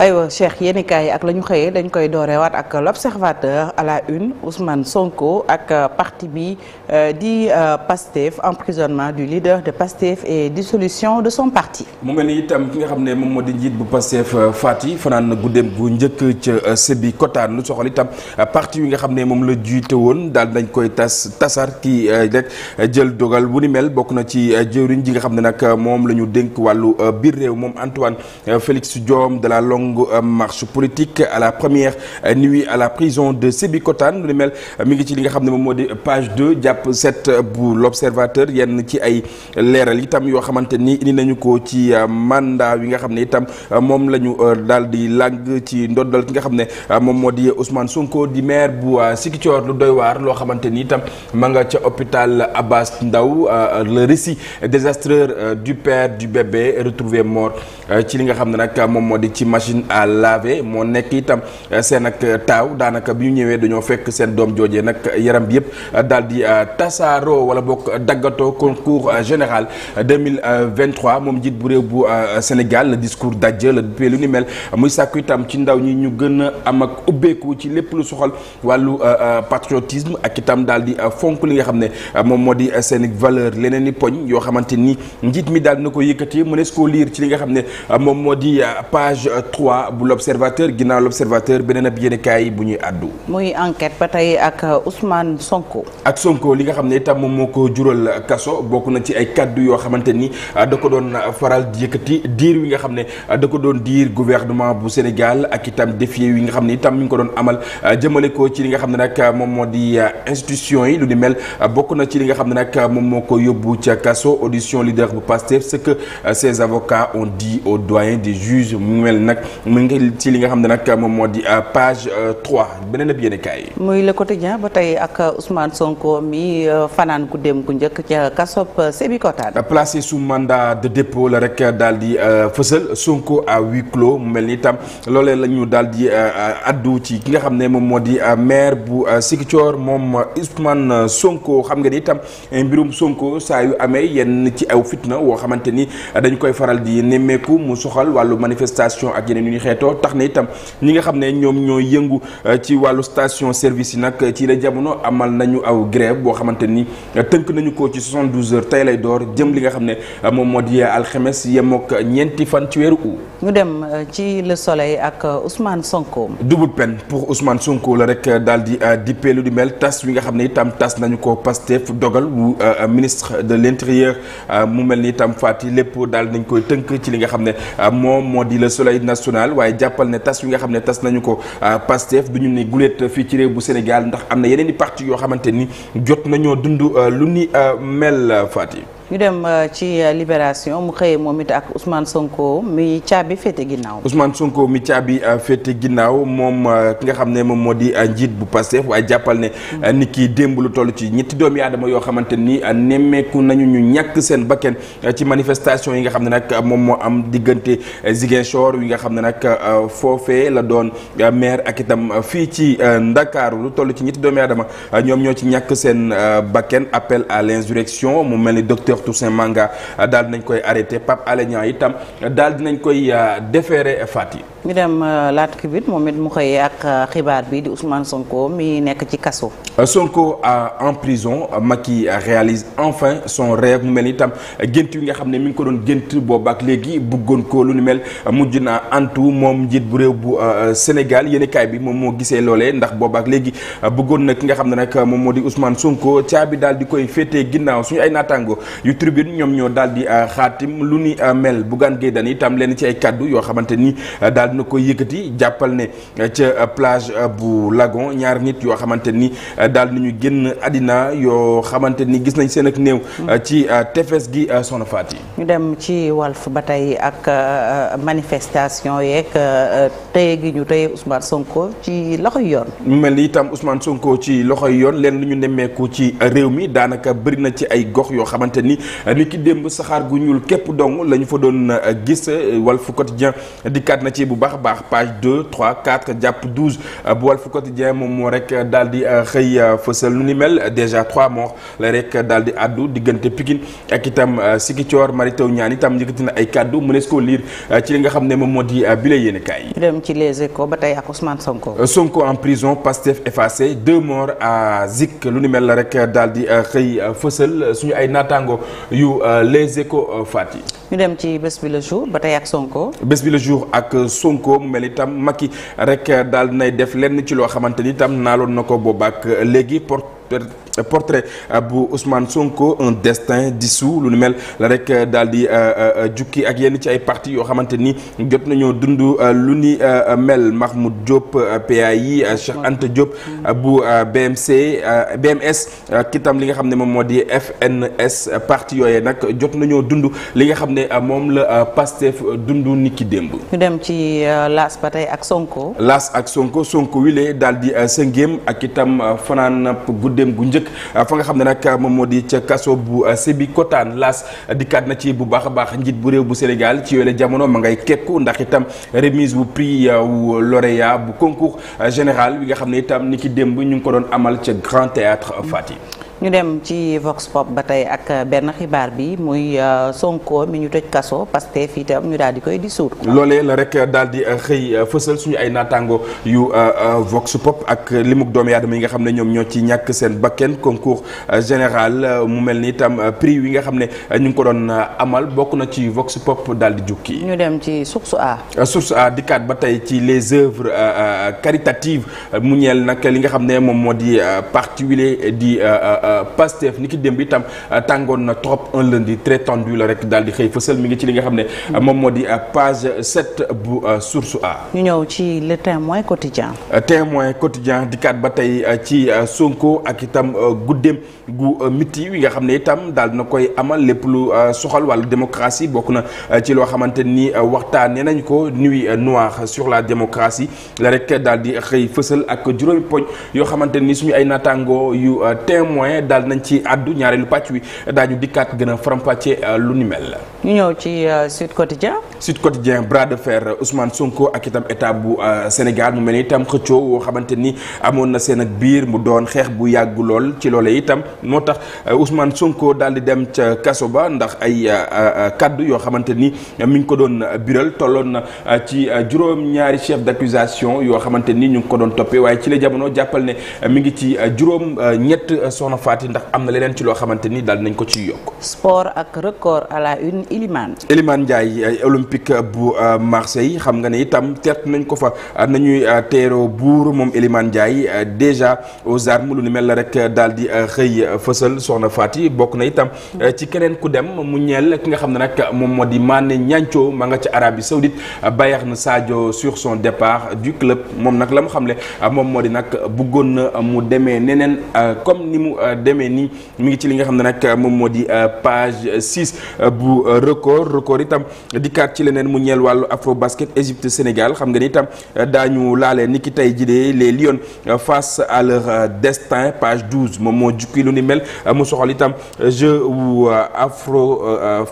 aywa Cheikh yéen kaay yi ak la ñu xëyee dañ koy dooreewaat ak l'observateur à la une Ousmane Sonko ak euh, parti bi euh, di euh, Pastef emprisonnement du leader de Pastef et dissolution de son parti. mu mel ni itam ki nga xam ne moom moo di njiit bu Pastef Faty fanaan guddeem gu njëkk ca Sébi Kotaan lu soxal itam parti yi nga xam ne moom la jiite woon daal dañ koy tas tasar ki rek jël dogal bu ni mel bokk na ci jëwriñ ji nga xam ne nag moom la ñu dénk wàllu biir réew moom Antoine nangu euh, politique à la première euh, nuit à la prison de Sébikotane lu ni mel euh, mi ngi ci li nga xam ne moom moo di page 2 jàpp 7 bu l'observateur yenn ci ay leeral itam yoo xamante ni indi nañu ko ci mandat yi nga xam ne itam moom lañu dal di làng ci ndoddal ki nga xam ne moom moo di Ousmane Sonko di maire bu Sikicoor lu doy loo xamante ni itam ma nga ca hôpital Abbas Ndao le récit désastreux du père du bébé retrouvé mort ci li nga xam ne nag moom à laver moo nekk itam euh, seen ak euh, taaw daanaka bi ñu ñëwee dañoo fekk seen doom joojee nag euh, yaram bi yëpp daal di tasaaroo wala bokk daggatoo concours général 2023 moom njiit bu réew bu Sénégal le discours d'adieu la duppee lu ni mel muy sàkku itam ci ndaw ñi ñu gën a am ak ubbeeku ci lépp lu soxal wàllu patriotisme ak itam daal di fonk li nga xam ne moom moo di seen valeur leneen i poñ yoo xamante ni njiit mi dal na ko yëkkati mënees koo liir ci li nga xam ne moo di 3 bu l'observateur ginnaaw l'observateur beneen ab yéenekaay bu ñuy àddu. muy enquête ba tey ak Ousmane Sonko. ak Sonko li nga xam ne itam moom moo ko jural kaso bokk na ci ay kàddu yoo xamante ni ah, da ko doon faral di yëkkati diir wi nga xam ne ah, da ko doon diir gouvernement bu Sénégal ak itam défier wi nga xam ne itam mi ngi ko doon amal ah, jëmale ko ci li nga xam ne nag moom moo di institution yi lu mel bokk na ci li nga xam ne nag moom moo ko yóbbu ca kaso audition leader bu Pastef ce que ses avocats ont di aux doyens des juges mu mel nag mu ngi ci li nga xam ne nag moom moo di euh, page 3 euh, beneen ab yéenekaay yi. la le quotidien ba tey ak Ousmane Sonko mi euh, fanaan ku dem ku njëkk ca Kasop Sébikotane. placé sous mandat de dépôt la rek daal di fësal Sonko à huis clos mu mel ni itam loole lañu ñu daal di addu ci ki nga xam ne moom moo di maire bu Ziguinchor moom Ousmane Sonko xam nga ni itam eh, mbirum Sonko saa yu amee yenn ci aw fitna woo xamante ni dañ koy faral di nemmeeku mu soxal wàllu manifestation ak yeneen. ne ñu xeetoo tax na itam ñi nga xam ne ñoom ñoo yëngu euh, ci wàllu station service yi nag ci la jamono amal nañu aw grève boo xamante ni euh, tënk nañu ko ci 72 tey lay door jëm li nga xam ne euh, moom moo di alxemes yemook ñeenti fan ci weeru août. ñu dem ci le soleil ak Ousmane Sonko. double peine pour Ousmane Sonko la rek daal di dippee lu di mel nga xam ne itam tas nañu ko Pastef dogal ministre de l' intérieur mu mel ni itam fàttali lépp nañ tënk ci li nga xam ne soleil national. nationale waaye jàppal ne tas yi nga xam ne tas nañu ko euh, Pastef du ñu ne guléet fii ci réew bu Sénégal ndax am na yeneen i parti yoo xamante ni jot nañoo dund euh, lu ni euh, mel Fatick. ñu dem euh, ci euh, libération mu xëyee moom it ak Ousmane Sonko mi caabi féete ginnaaw. Ousmane Sonko mi caabi euh, féete ginnaaw moom ki nga xam ne moom moo di njiit bu Pastef waaye jàppal ne. Mm. nit ki démb lu toll ci ñetti doomi aadama yoo xamante ni nemmeeku nañu ñu ñàkk seen bakken ci manifestation yi nga xam ne nag moom moo am diggante Ziguinchor yi nga xam ne nag foofee la doon maire ak itam fii ci Ndakaaru lu toll ci ñetti doomi aadama ñoom ñoo ci ñàkk seen bakken appel à l'insurrection mu mel ni Cheikh Toussaint Manga euh, daal nañ koy arrêté Pape Alé Niang itam euh, daal nañ koy euh, déféré faat yi ñu dem laat kubit moom it mu xëy ak xibaar bi di Ousmane Sonko mi nekk ci kaso. Sonko en prison Macky réalise enfin son rêve mu mel ni itam gént yi nga xam ne mu ngi ko doon gént boobu ak léegi bëggoon ko lu ni mel mujj na antu moom njiit bu réew bu Sénégal yéenekaay bi moom moo gisee loolee ndax boobu ak léegi bëggoon na ki nga xam ne nag moom moo di Ousmane Sonko caabi daal di koy féetee ginnaaw suñu ay naataango. yu tribune ñoom ñoo daal di euh, xaatim lu ni euh, mel Bougane Gueye Dany tam leen ci ay kaddu yoo xamante ni euh, daal dina ko yëkkati jàppal ne ca plage bu Lagon ñaar nit yoo xamante ni daal nañu génn àddina yoo xamante ni gis nañ seen ak néew. ci tefes gi soxna yi ñu dem ci Walf ba tey ak manifestation yeeg tey gi ñu tey Ousmane Sonko ci loxoy yoon. mu mel ni itam Ousmane Sonko ci loxoy yoon leen lu nemmeeku ci réew mi daanaka bëri ci ay gox yoo xamante Euh, ni ki démb saxaar gu ñuul képp dong lañu fa doon euh, gis euh, Walf Quotidien dikkaat na ci bu baax a baax page 2 3 4 jàpp 12 bu Walf Quotidien moom moo rek daal di xëy fësal nu ni mel déjà 3 morts la rek daal di àddu diggante Pikine ak itam Sikicoor Mary Teuw Niane itam yëkkati na ay kàddu mënees koo liir ci nga xam ne moom moo di bile yéen kaay yi. dem ci les échos ba tey ak Ousmane Sonko. Sonko en prison Pastef effacé deux morts à Zik lu ni mel rek daal di xëy fësal suñu ay naataango yu euh, les échos euh, faat yi ñu dem ci bés bi le jour ba tey ak Sonko. bés bi le jour ak Sonko mu mel itam Macky rek daal nay def lenn ci loo xamante ni itam naaloon na ko boobaak léegi porte Euh, portrait bu Ousmane Sonko un destin dissous lu nu mel la rek euh, daal di euh, jukki ak yenn ci ay parti yoo xamante ni jot nañoo dund lu ni mel Mahmoud Diop PAI Cheikh Anta Diop bu BMC BMS kitam li nga xam ne moom moo di parti yooyee nag jot nañoo dund li nga xam ne moom la Pastef dund ni ki démb. ñu dem ci Laas ba tey ak Sonko. Laas ak Sonko Sonko wile daal sëngéem ak itam fanaan guddeem gu njëkk Ah, fa nga xam ne nag ah, moom moo di ca kaso bu ah, Sébikotane laas dikkaat na ci bu baax a baax njiit bu réew bu Sénégal ci yooyu jamono ma ngay kekku ndax itam remise bu prix wu lauréat bu concours général bi nga xam ne itam ni ki démb ñu ngi ko doon amal ca Grand Théâtre Fatick ñu dem ci Vox Pop ba tey ak benn xibaar bi muy euh, Sonko mi ñu tëj kaso fii itam ñu daal di koy dissoudre. loolee la rek daal di euh, xëy euh, fësal suñu ay naataango yu Vox Pop ak limuk doomu aadama yi nga xam ne ñoom ñoo ci ñàkk seen bakken concours général mu mel ni itam prix yi nga xam ne ñu ngi ko doon amal bokk na ci Vox Pop daal di jukki. ñu dem ci Source A. Source A dikkaat ba tey ci les œuvres caritatives mu ñeel nag li nga xam ne moom moo di particulier di. Euh, Pastef ni ki démb itam euh, tàngoon na trop un lundi très tendu la rek daal di xëy fësal mi ngi ci li nga xam ne euh, moom di page sept bu source A. ñu ñëw ci le témoin quotidien. témoin quotidien di ba tey ci Sonko ak itam guddeem gu miti yi nga xam ne itam daal na koy amal lépp lu soxal wàllu démocratie bokk na ci loo xamante ni waxtaanee nañ ko nuy noire sur la démocratie la rek daal di xëy fësal ak juróomi poñ yoo xamante ni suñu ay naataangoo yu ne daal nañ ci àddu ñaareelu pàcc wi daañu dikkaat gën a faram-fàccee euh, lu ni mel. ñu ñëw ci euh, Sud Quotidien. Sud Quotidien bras de fer Ousmane Sonko ak itam état bu euh, Sénégal mu mel ni itam xëccoo woo xamante ni amoon na seen ak biir mu doon xeex bu yàggu lool ci loolee itam moo tax usman Sonko daal di dem ca kaso ba ndax ay kaddu yoo xamante ni mi ngi ko doon biral tolloon na ci juróom-ñaari chef d'accusation yoo xamante ni ñu ngi ko doon toppee waaye ci la jamono jàppal Faty ndax am na leneen ci loo xamante ni daal nañ ko ciy yokk. sport ak record à la une Ilimane. Ilimane Ndiaye euh, olympique euh, bu euh, Marseille xam nga ne itam teet nañ ko fa nañuy teeroo buur moom Ilimane Ndiaye déjà aux armes lu ni mel la rek dal di xëy fësal soxna Faty bokk na itam. ci keneen ku dem mu ñeel ki nga xam ne nag moom moo di Mané Niancho ma nga ca Arabie Saoudite na Sadio sur son départ du club moom nag la mu xamle moom moo di nag bëggoon demee nii mi ngi ci li nga xam ne nag moom moo di euh, page 6 euh, bu euh, record record itam dikkaat ci leneen mu ñeel wàllu afro basket Égypte Sénégal xam nga ni itam daañu laalee ni ki tey jii les Lions face à leur destin page 12 moom moo jukki lu ni mel mu soxal itam jeu wu afro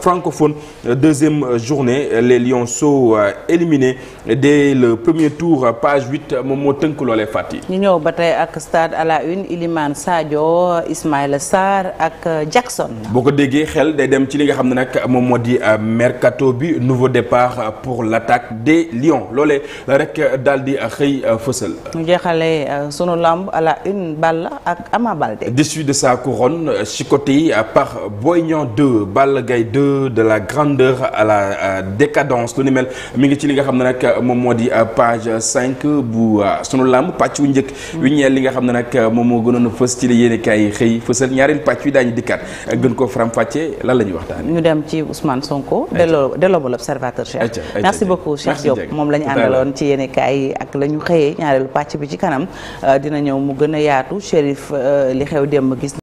francophone deuxième journée les Lions sont éliminés dès le premier tour page 8 moom moo tënk loolee fàtt yi. ñu ñëw ba tey ak stade à la une Ilimane Sadio Ismaïla saar ak euh, Jackson. boo ko déggee xel day dem ci li nga xam ne nag moom moo di euh, mercato bi nouveau départ euh, pour l'attaque des Lions loolee rek daal di xëy fësal. ñu jeexalee sunu lamb à la une Balla ak Ama Baldé. déchu de sa couronne chicoté par Boy Niang 2 gay Gaye de la grandeur à la décadence lu ni mel mu ngi ci li nga xam ne nag moom moo di page cinq bu sunu lamb pàcc wu njëkk. wi mm. ñeel li nga xam ne nag moom moo gënoon fës ci la yéene kaay xëy fësal ñaareelu pàcc wi daañu dikkaat gën koo faram-fàccee lan la waxtaan ñu dem ci Ousmane Sonko delloo delloo ba l'observateur Cheikh merci beaucoup Cheikh Diop moom la àndaloon ci yéen yi ak la xëyee ñaareelu pàcc bi ci kanam euh, dina ñëw mu gën a yaatu Chérif euh, li xew démb gis